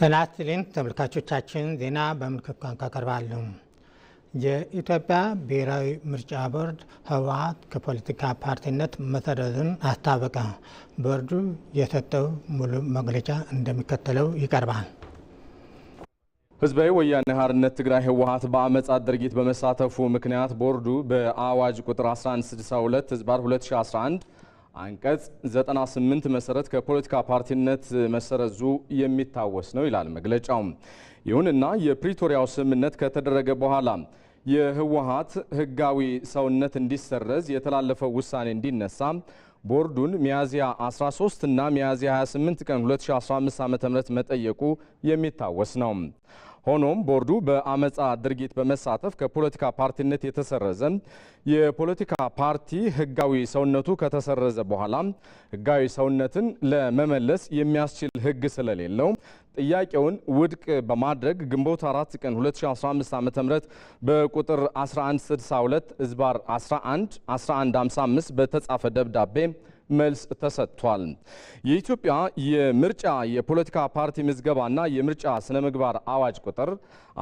ጤና ይስጥልኝ ተመልካቾቻችን፣ ዜና በምልክት ቋንቋ ቀርባሉ። የኢትዮጵያ ብሔራዊ ምርጫ ቦርድ ህወሓት ከፖለቲካ ፓርቲነት መሰረዙን አስታወቀ። ቦርዱ የሰጠው ሙሉ መግለጫ እንደሚከተለው ይቀርባል። ህዝባዊ ወያነ ሓርነት ትግራይ ህወሓት በአመጻ ድርጊት በመሳተፉ ምክንያት ቦርዱ በአዋጅ ቁጥር 1162 ህዝባር 2011 አንቀጽ 98 መሰረት ከፖለቲካ ፓርቲነት መሰረዙ የሚታወስ ነው ይላል መግለጫው። ይሁንና የፕሪቶሪያው ስምምነት ከተደረገ በኋላ የህወሀት ህጋዊ ሰውነት እንዲሰረዝ የተላለፈው ውሳኔ እንዲነሳ ቦርዱን ሚያዝያ 13 እና ሚያዝያ 28 ቀን 2015 ዓ.ም መጠየቁ የሚታወስ ነው። ሆኖም ቦርዱ በአመፃ ድርጊት በመሳተፍ ከፖለቲካ ፓርቲነት የተሰረዘ የፖለቲካ ፓርቲ ህጋዊ ሰውነቱ ከተሰረዘ በኋላ ህጋዊ ሰውነትን ለመመለስ የሚያስችል ህግ ስለሌለው ጥያቄውን ውድቅ በማድረግ ግንቦት 4 ቀን 2015 ዓ ም በቁጥር 1162 ዝባር 11 1155 በተጻፈ ደብዳቤ መልስ ተሰጥቷል። የኢትዮጵያ የምርጫ የፖለቲካ ፓርቲ ምዝገባና የምርጫ ስነ ምግባር አዋጅ ቁጥር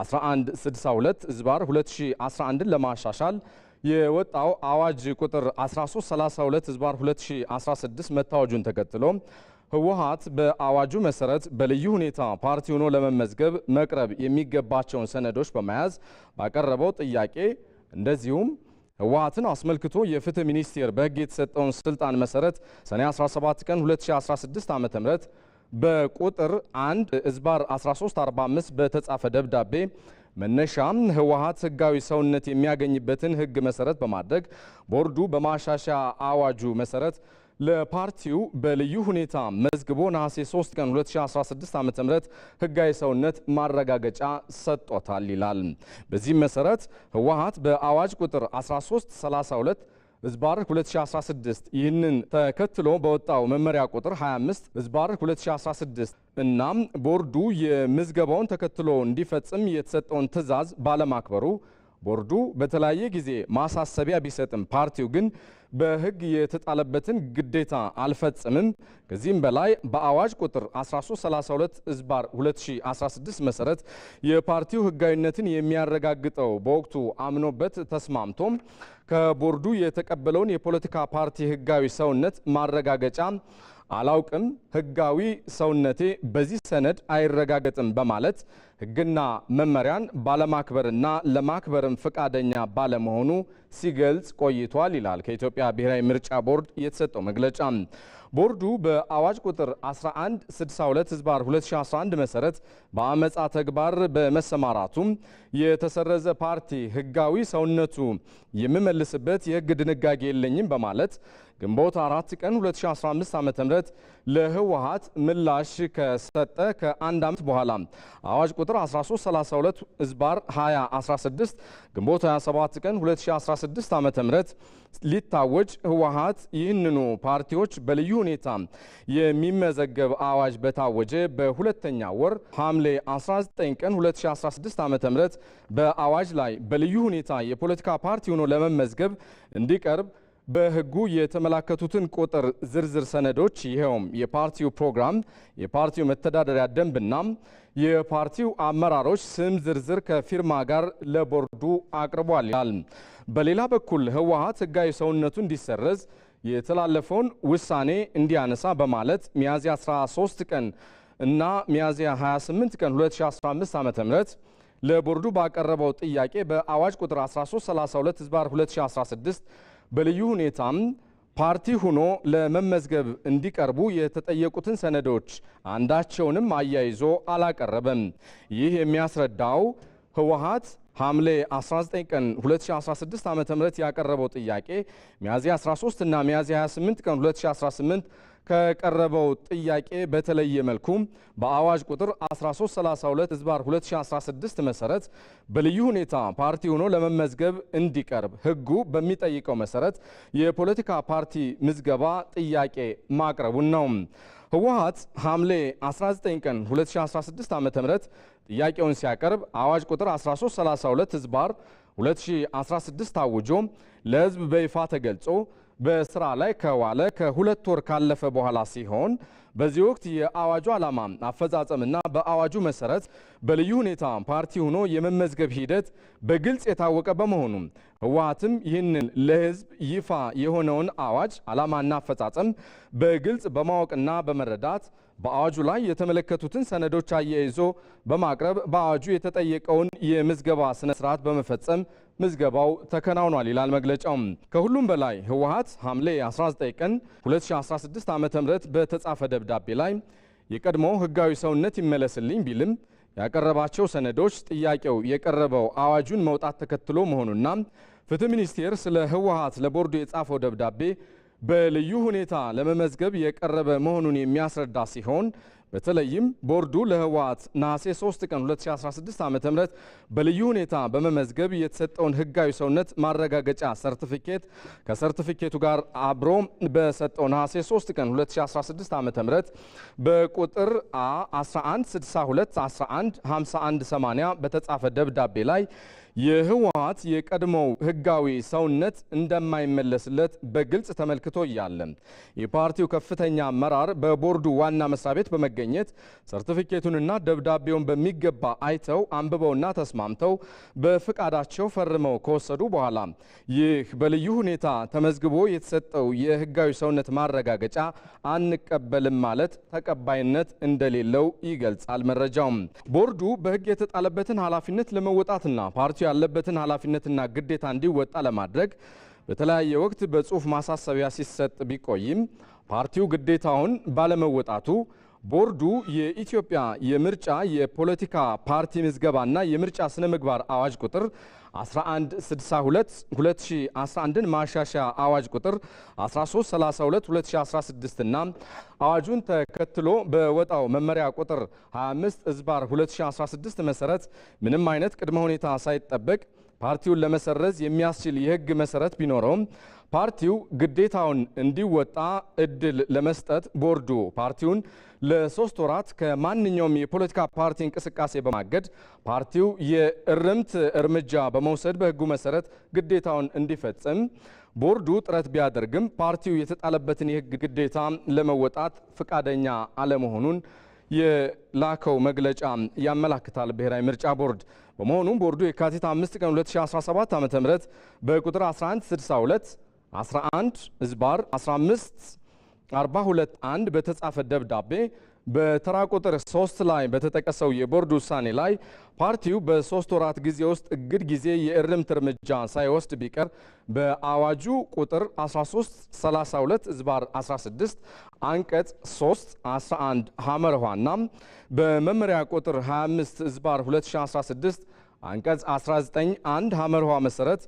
1162 ዝባር 2011 ለማሻሻል የወጣው አዋጅ ቁጥር 1332 ዝባር 2016 መታወጁን ተከትሎ ህወሀት በአዋጁ መሰረት በልዩ ሁኔታ ፓርቲ ሆኖ ለመመዝገብ መቅረብ የሚገባቸውን ሰነዶች በመያዝ ባቀረበው ጥያቄ እንደዚሁም ህወሓትን አስመልክቶ የፍትህ ሚኒስቴር በህግ የተሰጠውን ስልጣን መሰረት ሰኔ 17 ቀን 2016 ዓ ም በቁጥር 1 እዝባር 1345 በተጻፈ ደብዳቤ መነሻም ህወሓት ህጋዊ ሰውነት የሚያገኝበትን ህግ መሰረት በማድረግ ቦርዱ በማሻሻያ አዋጁ መሰረት ለፓርቲው በልዩ ሁኔታ መዝግቦ ነሐሴ 3 ቀን 2016 ዓ.ም ህጋዊ ሰውነት ማረጋገጫ ሰጥቶታል ይላል። በዚህም መሰረት ህወሓት በአዋጅ ቁጥር 1332 ዝባር 2016 ይህንን ተከትሎ በወጣው መመሪያ ቁጥር 25 ዝባር 2016 እናም ቦርዱ የምዝገባውን ተከትሎ እንዲፈጽም የተሰጠውን ትዕዛዝ ባለማክበሩ ቦርዱ በተለያየ ጊዜ ማሳሰቢያ ቢሰጥም ፓርቲው ግን በሕግ የተጣለበትን ግዴታ አልፈጽምም፣ ከዚህም በላይ በአዋጅ ቁጥር 1332 እዝባር 2016 መሰረት የፓርቲው ሕጋዊነትን የሚያረጋግጠው በወቅቱ አምኖበት ተስማምቶም ከቦርዱ የተቀበለውን የፖለቲካ ፓርቲ ሕጋዊ ሰውነት ማረጋገጫ አላውቅም፣ ህጋዊ ሰውነቴ በዚህ ሰነድ አይረጋገጥም በማለት ህግና መመሪያን ባለማክበርና ለማክበርም ፈቃደኛ ባለመሆኑ ሲገልጽ ቆይቷል ይላል ከኢትዮጵያ ብሔራዊ ምርጫ ቦርድ የተሰጠው መግለጫ። ቦርዱ በአዋጅ ቁጥር 1162 ህዝባር 2011 መሰረት በአመፃ ተግባር በመሰማራቱም የተሰረዘ ፓርቲ ህጋዊ ሰውነቱ የምመልስበት የህግ ድንጋጌ የለኝም በማለት ግንቦት አራት ቀን 2015 ዓ.ም ለህወሓት ምላሽ ከሰጠ ከአንድ ዓመት በኋላ አዋጅ ቁጥር 1332 ዝባር 2016 ግንቦት 27 ቀን 2016 ዓ.ም ሊታወጅ ህወሓት ይህንኑ ፓርቲዎች በልዩ ሁኔታ የሚመዘገብ አዋጅ በታወጀ በሁለተኛ ወር ሐምሌ 19 ቀን 2016 ዓ ም በአዋጅ ላይ በልዩ ሁኔታ የፖለቲካ ፓርቲ ሆኖ ለመመዝገብ እንዲቀርብ በህጉ የተመላከቱትን ቁጥር ዝርዝር ሰነዶች ይኸውም የፓርቲው ፕሮግራም፣ የፓርቲው መተዳደሪያ ደንብና የፓርቲው አመራሮች ስም ዝርዝር ከፊርማ ጋር ለቦርዱ አቅርቧል ይላል። በሌላ በኩል ህወሓት ህጋዊ ሰውነቱ እንዲሰረዝ የተላለፈውን ውሳኔ እንዲያነሳ በማለት ሚያዝያ 13 ቀን እና ሚያዝያ 28 ቀን 2015 ም ለቦርዱ ባቀረበው ጥያቄ በአዋጅ ቁጥር 1332 ህዝባር 2016 በልዩ ሁኔታም ፓርቲ ሆኖ ለመመዝገብ እንዲቀርቡ የተጠየቁትን ሰነዶች አንዳቸውንም አያይዞ አላቀረበም። ይህ የሚያስረዳው ህወሓት ሐምሌ 19 ቀን 2016 ዓ.ም ያቀረበው ጥያቄ ሚያዝያ 13 እና ሚያዝያ 28 ቀን 2018 ከቀረበው ጥያቄ በተለየ መልኩ በአዋጅ ቁጥር 1332 ህዝባር 2016 መሰረት በልዩ ሁኔታ ፓርቲ ሆኖ ለመመዝገብ እንዲቀርብ ህጉ በሚጠይቀው መሰረት የፖለቲካ ፓርቲ ምዝገባ ጥያቄ ማቅረቡን ነው። ህወሓት ሐምሌ 19 ቀን 2016 ዓ ም ጥያቄውን ሲያቀርብ አዋጅ ቁጥር 1332 ህዝባር 2016 ታውጆ ለህዝብ በይፋ ተገልጾ በስራ ላይ ከዋለ ከሁለት ወር ካለፈ በኋላ ሲሆን በዚህ ወቅት የአዋጁ ዓላማ አፈጻጸምና በአዋጁ መሰረት በልዩ ሁኔታ ፓርቲ ሆኖ የመመዝገብ ሂደት በግልጽ የታወቀ በመሆኑ ህወሓትም ይህንን ለህዝብ ይፋ የሆነውን አዋጅ ዓላማና አፈጻጸም በግልጽ በማወቅና በመረዳት በአዋጁ ላይ የተመለከቱትን ሰነዶች አያይዞ በማቅረብ በአዋጁ የተጠየቀውን የምዝገባ ስነ ስርዓት በመፈጸም ምዝገባው ተከናውኗል ይላል መግለጫው። ከሁሉም በላይ ህወሓት ሐምሌ 19 ቀን 2016 ዓ ም በተጻፈ ደብዳቤ ላይ የቀድሞ ህጋዊ ሰውነት ይመለስልኝ ቢልም ያቀረባቸው ሰነዶች ጥያቄው የቀረበው አዋጁን መውጣት ተከትሎ መሆኑና ፍትህ ሚኒስቴር ስለ ህወሓት ለቦርዱ የጻፈው ደብዳቤ በልዩ ሁኔታ ለመመዝገብ የቀረበ መሆኑን የሚያስረዳ ሲሆን በተለይም ቦርዱ ለህወሓት ነሐሴ 3 ቀን 2016 ዓ ም በልዩ ሁኔታ በመመዝገብ የተሰጠውን ህጋዊ ሰውነት ማረጋገጫ ሰርቲፊኬት ከሰርቲፊኬቱ ጋር አብሮ በሰጠው ነሐሴ 3 ቀን 2016 ዓ ም በቁጥር አ 11 62 11 51 80 በተጻፈ ደብዳቤ ላይ የህወሓት የቀድሞው ህጋዊ ሰውነት እንደማይመለስለት በግልጽ ተመልክቶ እያለ የፓርቲው ከፍተኛ አመራር በቦርዱ ዋና መስሪያ ቤት በመገኘት ሰርቲፊኬቱንና ደብዳቤውን በሚገባ አይተው አንብበውና ተስማምተው በፍቃዳቸው ፈርመው ከወሰዱ በኋላ ይህ በልዩ ሁኔታ ተመዝግቦ የተሰጠው የህጋዊ ሰውነት ማረጋገጫ አንቀበልም ማለት ተቀባይነት እንደሌለው ይገልጻል መረጃውም። ቦርዱ በህግ የተጣለበትን ኃላፊነት ለመወጣትና ፓርቲ ያለበትን ኃላፊነትና ግዴታ እንዲወጣ ለማድረግ በተለያየ ወቅት በጽሁፍ ማሳሰቢያ ሲሰጥ ቢቆይም ፓርቲው ግዴታውን ባለመወጣቱ ቦርዱ የኢትዮጵያ የምርጫ የፖለቲካ ፓርቲ ምዝገባና የምርጫ ስነ ምግባር አዋጅ ቁጥር 1162 2011 ማሻሻያ አዋጅ ቁጥር 1332 2016 እና አዋጁን ተከትሎ በወጣው መመሪያ ቁጥር 25 ዝባር 2016 መሰረት ምንም አይነት ቅድመ ሁኔታ ሳይጠበቅ ፓርቲውን ለመሰረዝ የሚያስችል የህግ መሰረት ቢኖረውም ፓርቲው ግዴታውን እንዲወጣ እድል ለመስጠት ቦርዱ ፓርቲውን ለሶስት ወራት ከማንኛውም የፖለቲካ ፓርቲ እንቅስቃሴ በማገድ ፓርቲው የእርምት እርምጃ በመውሰድ በህጉ መሰረት ግዴታውን እንዲፈጽም ቦርዱ ጥረት ቢያደርግም ፓርቲው የተጣለበትን የህግ ግዴታ ለመወጣት ፈቃደኛ አለመሆኑን የላከው መግለጫ ያመላክታል። ብሔራዊ ምርጫ ቦርድ በመሆኑም ቦርዱ የካቲት 5 ቀን 2017 ዓ ም በቁጥር 1162 11 ዝባር 15 421 በተጻፈ ደብዳቤ በተራ ቁጥር 3 ላይ በተጠቀሰው የቦርድ ውሳኔ ላይ ፓርቲው በሶስት ወራት ጊዜ ውስጥ እግድ ጊዜ የእርምት እርምጃ ሳይወስድ ቢቀር በአዋጁ ቁጥር 1332 ዝባር 16 አንቀጽ 3 11 ሐመር ኋና በመመሪያ ቁጥር 25 ዝባር 2016 አንቀጽ 19 1 ሐመር ኋ መሰረት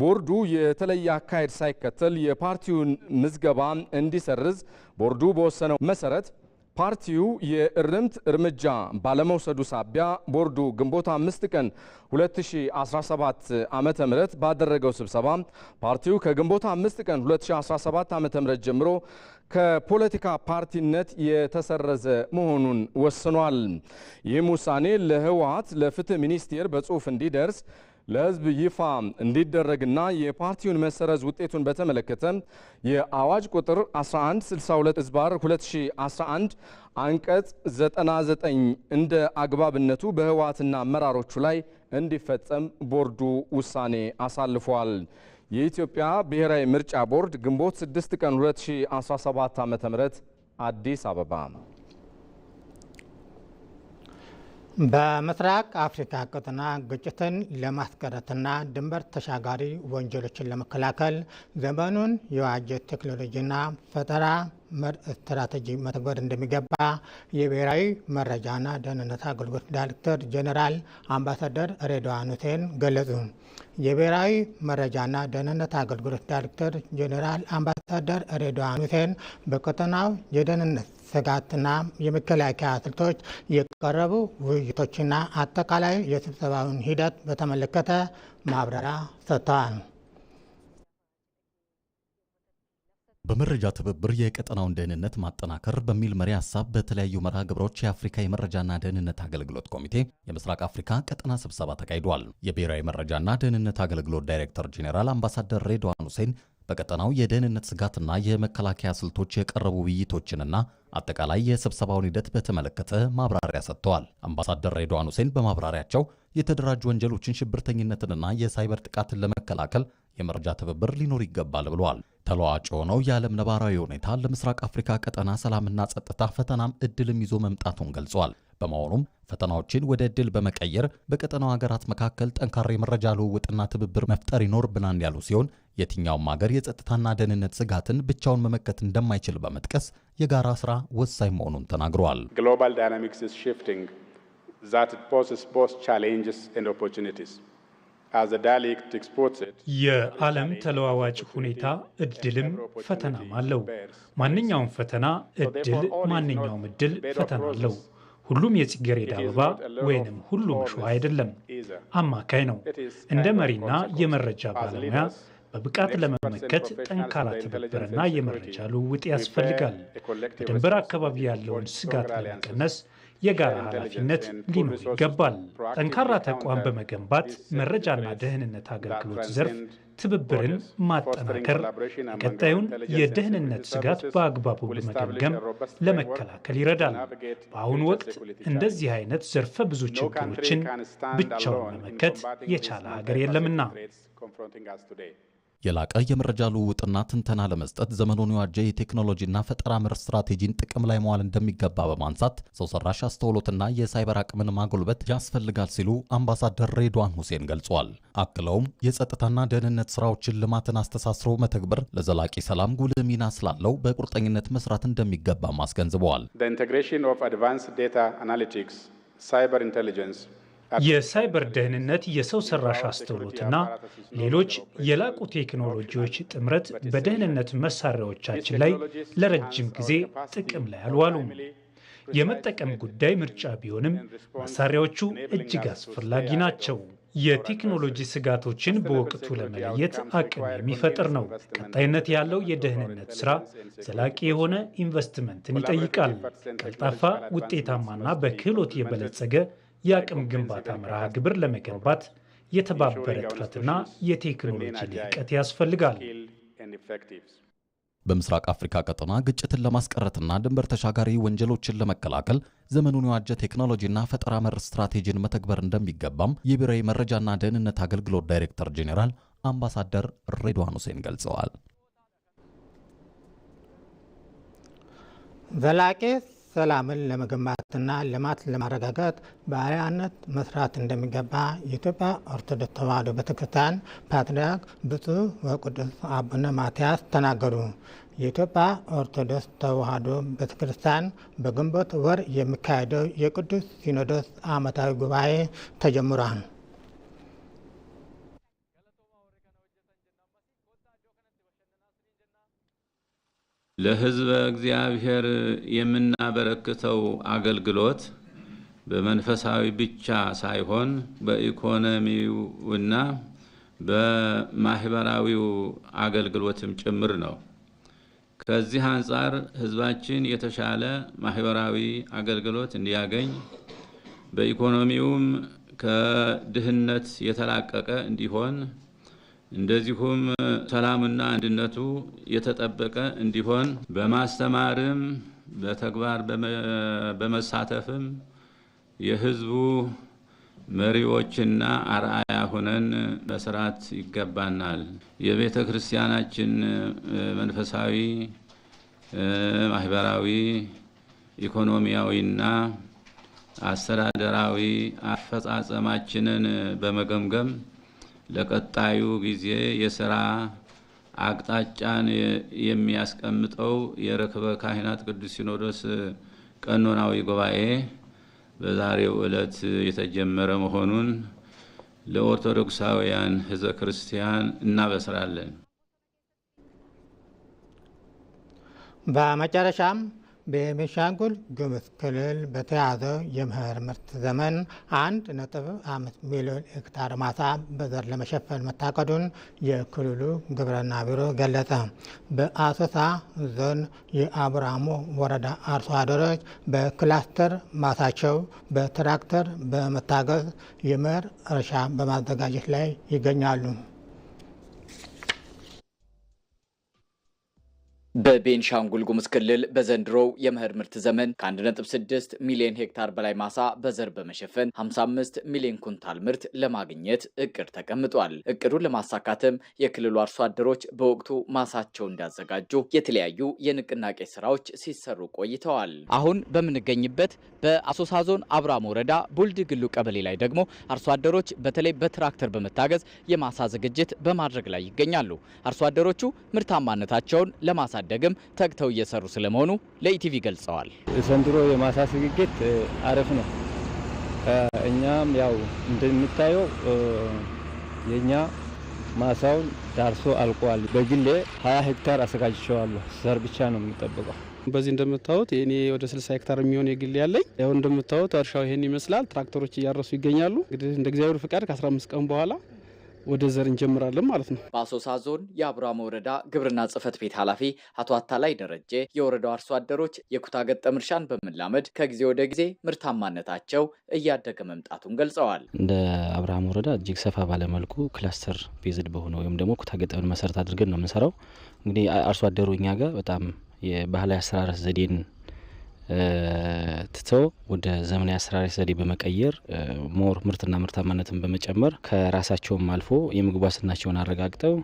ቦርዱ የተለየ አካሄድ ሳይከተል የፓርቲውን ምዝገባ እንዲሰርዝ ቦርዱ በወሰነው መሰረት ፓርቲው የእርምት እርምጃ ባለመውሰዱ ሳቢያ ቦርዱ ግንቦት አምስት ቀን 2017 ዓመተ ም ባደረገው ስብሰባ ፓርቲው ከግንቦት አምስት ቀን 2017 ዓ ም ጀምሮ ከፖለቲካ ፓርቲነት የተሰረዘ መሆኑን ወስኗል። ይህም ውሳኔ ለህወሓት ለፍትህ ሚኒስቴር በጽሑፍ እንዲደርስ ለህዝብ ይፋ እንዲደረግና የፓርቲውን መሰረዝ ውጤቱን በተመለከተ የአዋጅ ቁጥር 1162 ዝባር 2011 አንቀጽ 99 እንደ አግባብነቱ በህወሓትና አመራሮቹ ላይ እንዲፈጸም ቦርዱ ውሳኔ አሳልፏል። የኢትዮጵያ ብሔራዊ ምርጫ ቦርድ ግንቦት 6 ቀን 2017 ዓ.ም አዲስ አበባ በምስራቅ አፍሪካ ቀጠና ግጭትን ለማስቀረትና ድንበር ተሻጋሪ ወንጀሎችን ለመከላከል ዘመኑን የዋጀ ቴክኖሎጂና ፈጠራ ስትራቴጂ መተግበር እንደሚገባ የብሔራዊ መረጃና ደህንነት አገልግሎት ዳይሬክተር ጀኔራል አምባሳደር ሬድዋን ሁሴን ገለጹ። የብሔራዊ መረጃና ደህንነት አገልግሎት ዳይሬክተር ጀኔራል አምባሳደር ሬድዋን ሁሴን በቀጠናው የደህንነት ስጋትና የመከላከያ ስልቶች የቀረቡ ውይይቶችና አጠቃላይ የስብሰባውን ሂደት በተመለከተ ማብራሪያ ሰጥተዋል። በመረጃ ትብብር የቀጠናውን ደህንነት ማጠናከር በሚል መሪ ሀሳብ በተለያዩ መርሃ ግብሮች የአፍሪካ የመረጃና ደህንነት አገልግሎት ኮሚቴ የምስራቅ አፍሪካ ቀጠና ስብሰባ ተካሂዷል። የብሔራዊ መረጃና ደህንነት አገልግሎት ዳይሬክተር ጄኔራል አምባሳደር ሬድዋን ሁሴን በቀጠናው የደህንነት ስጋትና የመከላከያ ስልቶች የቀረቡ ውይይቶችንና አጠቃላይ የስብሰባውን ሂደት በተመለከተ ማብራሪያ ሰጥተዋል። አምባሳደር ሬድዋን ሁሴን በማብራሪያቸው የተደራጁ ወንጀሎችን፣ ሽብርተኝነትንና የሳይበር ጥቃትን ለመከላከል የመረጃ ትብብር ሊኖር ይገባል ብሏል። ተለዋጭ የሆነው የዓለም ነባራዊ ሁኔታ ለምስራቅ አፍሪካ ቀጠና ሰላምና ጸጥታ ፈተናም እድልም ይዞ መምጣቱን ገልጿል። በመሆኑም ፈተናዎችን ወደ እድል በመቀየር በቀጠናው ሀገራት መካከል ጠንካራ የመረጃ ልውውጥና ትብብር መፍጠር ይኖርብናል ያሉ ሲሆን የትኛውም ሀገር የጸጥታና ደህንነት ስጋትን ብቻውን መመከት እንደማይችል በመጥቀስ የጋራ ስራ ወሳኝ መሆኑን ተናግረዋል። ግሎባል ዳይናሚክስ ኢዝ ሺፍቲንግ ዛት ቦዝ ቻሌንጅስ ኤንድ ኦፖርቹኒቲስ የዓለም ተለዋዋጭ ሁኔታ እድልም ፈተናም አለው። ማንኛውም ፈተና እድል፣ ማንኛውም እድል ፈተና አለው። ሁሉም የጽጌረዳ አበባ ወይንም ሁሉም እሾህ አይደለም፣ አማካይ ነው። እንደ መሪና የመረጃ ባለሙያ በብቃት ለመመከት ጠንካራ ትብብርና የመረጃ ልውውጥ ያስፈልጋል። በድንበር አካባቢ ያለውን ስጋት ለመቀነስ የጋራ ኃላፊነት ሊኖር ይገባል። ጠንካራ ተቋም በመገንባት መረጃና ደህንነት አገልግሎት ዘርፍ ትብብርን ማጠናከር፣ የቀጣዩን የደህንነት ስጋት በአግባቡ በመገምገም ለመከላከል ይረዳል። በአሁኑ ወቅት እንደዚህ አይነት ዘርፈ ብዙ ችግሮችን ብቻውን መመከት የቻለ ሀገር የለምና። የላቀ የመረጃ ልውውጥና ትንተና ለመስጠት ዘመኑን የዋጀ የቴክኖሎጂና ፈጠራ ምር ስትራቴጂን ጥቅም ላይ መዋል እንደሚገባ በማንሳት ሰው ሰራሽ አስተውሎትና የሳይበር አቅምን ማጎልበት ያስፈልጋል ሲሉ አምባሳደር ሬድዋን ሁሴን ገልጿል። አክለውም የጸጥታና ደህንነት ስራዎችን ልማትን አስተሳስሮ መተግበር ለዘላቂ ሰላም ጉልህ ሚና ስላለው በቁርጠኝነት መስራት እንደሚገባም አስገንዝበዋል። ኢንቴግሬሽን ኦፍ አድቫንስድ ዴታ አናሊቲክስ ሳይበር ኢንቴሊጀንስ የሳይበር ደህንነት የሰው ሰራሽ አስተውሎትና ሌሎች የላቁ ቴክኖሎጂዎች ጥምረት በደህንነት መሳሪያዎቻችን ላይ ለረጅም ጊዜ ጥቅም ላይ አልዋሉም። የመጠቀም ጉዳይ ምርጫ ቢሆንም መሳሪያዎቹ እጅግ አስፈላጊ ናቸው። የቴክኖሎጂ ስጋቶችን በወቅቱ ለመለየት አቅም የሚፈጥር ነው። ቀጣይነት ያለው የደህንነት ስራ ዘላቂ የሆነ ኢንቨስትመንትን ይጠይቃል። ቀልጣፋ፣ ውጤታማና በክህሎት የበለጸገ የአቅም ግንባታ መርሃ ግብር ለመገንባት የተባበረ ጥረትና የቴክኖሎጂ ልቀት ያስፈልጋል። በምስራቅ አፍሪካ ቀጠና ግጭትን ለማስቀረትና ድንበር ተሻጋሪ ወንጀሎችን ለመከላከል ዘመኑን የዋጀ ቴክኖሎጂና ፈጠራ መር ስትራቴጂን መተግበር እንደሚገባም የብሔራዊ መረጃና ደህንነት አገልግሎት ዳይሬክተር ጄኔራል አምባሳደር ሬድዋን ሁሴን ገልጸዋል። ዘላቂ ሰላምን ለመገንባትና ልማት ለማረጋገጥ በአርአያነት መስራት እንደሚገባ የኢትዮጵያ ኦርቶዶክስ ተዋሕዶ ቤተክርስቲያን ፓትርያርክ ብፁዕ ወቅዱስ አቡነ ማትያስ ተናገሩ። የኢትዮጵያ ኦርቶዶክስ ተዋሕዶ ቤተክርስቲያን በግንቦት ወር የሚካሄደው የቅዱስ ሲኖዶስ ዓመታዊ ጉባኤ ተጀምሯል። ለሕዝበ እግዚአብሔር የምናበረክተው አገልግሎት በመንፈሳዊ ብቻ ሳይሆን በኢኮኖሚውና በማህበራዊው አገልግሎትም ጭምር ነው። ከዚህ አንጻር ህዝባችን የተሻለ ማህበራዊ አገልግሎት እንዲያገኝ በኢኮኖሚውም ከድህነት የተላቀቀ እንዲሆን እንደዚሁም ሰላምና አንድነቱ የተጠበቀ እንዲሆን በማስተማርም በተግባር በመሳተፍም የህዝቡ መሪዎችና አርአያ ሆነን መስራት ይገባናል። የቤተ ክርስቲያናችን መንፈሳዊ፣ ማህበራዊ፣ ኢኮኖሚያዊና አስተዳደራዊ አፈጻጸማችንን በመገምገም ለቀጣዩ ጊዜ የስራ አቅጣጫን የሚያስቀምጠው የርክበ ካህናት ቅዱስ ሲኖዶስ ቀኖናዊ ጉባኤ በዛሬው ዕለት የተጀመረ መሆኑን ለኦርቶዶክሳውያን ሕዝበ ክርስቲያን እናበስራለን። በመጨረሻም በቤኒሻንጉል ጉሙዝ ክልል በተያዘው የመኸር ምርት ዘመን አንድ ነጥብ አምስት ሚሊዮን ሄክታር ማሳ በዘር ለመሸፈን መታቀዱን የክልሉ ግብርና ቢሮ ገለጸ። በአሶሳ ዞን የአብራሙ ወረዳ አርሶ አደሮች በክላስተር ማሳቸው በትራክተር በመታገዝ የመኸር እርሻ በማዘጋጀት ላይ ይገኛሉ። በቤንሻንጉል ጉሙዝ ክልል በዘንድሮው የመኸር ምርት ዘመን ከ1.6 ሚሊዮን ሄክታር በላይ ማሳ በዘር በመሸፈን 55 ሚሊዮን ኩንታል ምርት ለማግኘት እቅድ ተቀምጧል። እቅዱን ለማሳካትም የክልሉ አርሶ አደሮች በወቅቱ ማሳቸው እንዳዘጋጁ የተለያዩ የንቅናቄ ስራዎች ሲሰሩ ቆይተዋል። አሁን በምንገኝበት በአሶሳ ዞን አብራም ወረዳ ቡልድ ግሉ ቀበሌ ላይ ደግሞ አርሶ አደሮች በተለይ በትራክተር በመታገዝ የማሳ ዝግጅት በማድረግ ላይ ይገኛሉ። አርሶ አደሮቹ ምርታማነታቸውን ለማሳደ ለማሳደግም ተግተው እየሰሩ ስለመሆኑ ለኢቲቪ ገልጸዋል። ዘንድሮ የማሳ ስግግት አሪፍ ነው። እኛም ያው እንደሚታየው የእኛ ማሳውን ዳርሶ አልቋል። በግሌ 20 ሄክታር አዘጋጅቼዋለሁ። ዘር ብቻ ነው የሚጠብቀው። በዚህ እንደምታዩት የኔ ወደ 60 ሄክታር የሚሆን የግል ያለኝ ያው እንደምታዩት እርሻው ይሄን ይመስላል። ትራክተሮች እያረሱ ይገኛሉ። እንግዲህ እንደ እግዚአብሔር ፍቃድ ከ15 ቀን በኋላ ወደ ዘር እንጀምራለን ማለት ነው። በአሶሳ ዞን የአብርሃም ወረዳ ግብርና ጽህፈት ቤት ኃላፊ አቶ አታላይ ደረጀ የወረዳው አርሶ አደሮች የኩታ ገጠም እርሻን በመላመድ ከጊዜ ወደ ጊዜ ምርታማነታቸው እያደገ መምጣቱን ገልጸዋል። እንደ አብርሃም ወረዳ እጅግ ሰፋ ባለመልኩ ክላስተር ቤዝድ በሆነ ወይም ደግሞ ኩታ ገጠምን መሰረት አድርገን ነው የምንሰራው። እንግዲህ አርሶ አደሩ እኛ ጋር በጣም የባህላዊ አሰራረስ ዘዴን ትቶ ወደ ዘመናዊ አሰራር ዘዴ በመቀየር ሞር ምርትና ምርታማነትን በመጨመር ከራሳቸውም አልፎ የምግብ ዋስትናቸውን አረጋግጠው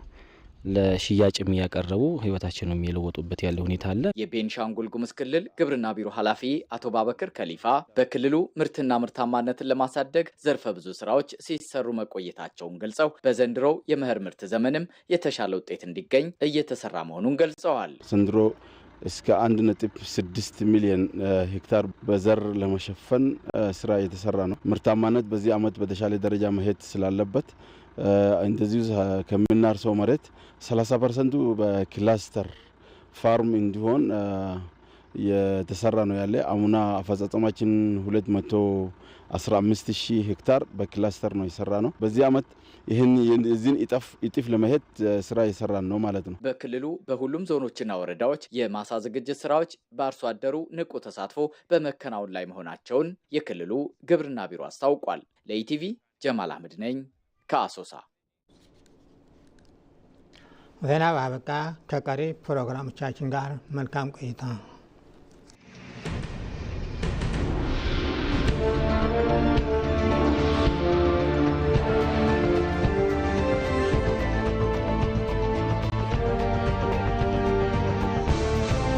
ለሽያጭ የሚያቀርቡ ህይወታቸውን የሚለወጡበት ያለ ሁኔታ አለ። የቤንሻንጉል ጉሙዝ ክልል ግብርና ቢሮ ኃላፊ አቶ ባበክር ከሊፋ በክልሉ ምርትና ምርታማነትን ለማሳደግ ዘርፈ ብዙ ስራዎች ሲሰሩ መቆየታቸውን ገልጸው በዘንድሮው የመኸር ምርት ዘመንም የተሻለ ውጤት እንዲገኝ እየተሰራ መሆኑን ገልጸዋል። ዘንድሮ እስከ 1.6 ሚሊዮን ሄክታር በዘር ለመሸፈን ስራ የተሰራ ነው። ምርታማነት በዚህ አመት በተሻለ ደረጃ መሄድ ስላለበት እንደዚሁ ከምናርሰው መሬት 30 ፐርሰንቱ በክላስተር ፋርም እንዲሆን የተሰራ ነው ያለ። አሙና አፈጻጸማችን 215 ሺህ ሄክታር በክላስተር ነው የሰራ ነው። በዚህ አመት ይህን እዚህን እጥፍ ለመሄድ ስራ የሰራን ነው ማለት ነው። በክልሉ በሁሉም ዞኖችና ወረዳዎች የማሳ ዝግጅት ስራዎች በአርሶ አደሩ ንቁ ተሳትፎ በመከናወን ላይ መሆናቸውን የክልሉ ግብርና ቢሮ አስታውቋል። ለኢቲቪ ጀማል አህመድ ነኝ ከአሶሳ። ዜና አበቃ። ከቀሪ ፕሮግራሞቻችን ጋር መልካም ቆይታ